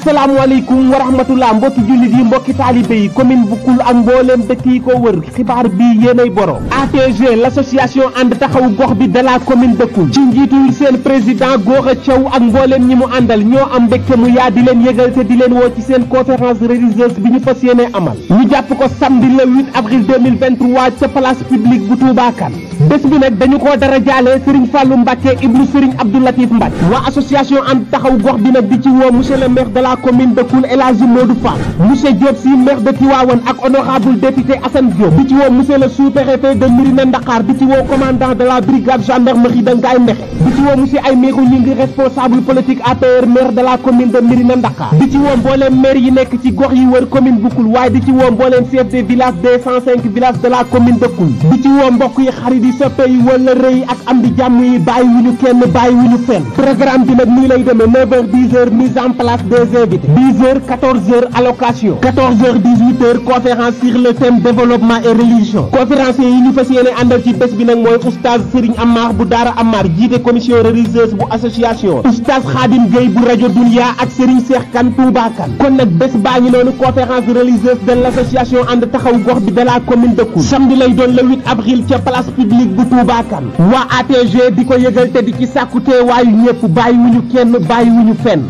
asalaamaaleykum wa rahmatullah mbokki jullit yi mbokki taalibe yi commune bu Koul ak mbooleem dëkk yi ko wër xibaar bii yéenay borom ATG l'association ànd taxawu gox bi de la commune de Koul ci njiitul seen président Gora Thiaw ak mbooleem ñi mu àndal ñoo am mbégte mu yaa di leen yëgal te di leen woo ci seen conférence religieuse bi ñu fas yéene amal ñu jàpp ko samedi le 8 avril 2023 ca place publique bu Touba Kan bés bi nag dañu koo dara jaale Serigne Fallou Mbacke ibnu Serigne Abdou Latif Mbacke waa association ànd taxawu gox bi nag di ci woo monsieur le maire la commune de Koul El Hadji Modou Fall monsieur Diop Sy maire de ak honorable député Assane Diop di ci woo monsieur le sous-préfet de Mérina Dakhar di ci de la brigade gendarmerie de Ngaye Mékhé woo monsieur ay meexu ñi ngi responsable politique APR maire de commune de Mérina Ndakhar di ci woo mbooleem maire yi nekk ci gox yi wër commune bu Koul waaye di ci woo mbooleem chef de village deux cent commune de Koul di ci woo mbokk yi xarit yi soppe yi wala rëy ak am di jàmm yi bàyyi wu ñu kenn bàyyi wu ñu fenn programme bi nag nii lay demee neuf heures mise en place des invités dix heures quatorze heures le thème développement et religion commission religieuse bu association oustaz Khadim Gueye bu rajo Dunia ak Serigne Cheikh Kane Touba Kane kon nag bés baa ngi noonu conférence religieuse de l' association ànd taxaw gox bi de commune de Koul lay doon le 8 avril ca place publique bu Touba waa ATG di ko yëgal te di ci sàkku teewaayu ñëpp bàyyiwuñu kenn ñu fenn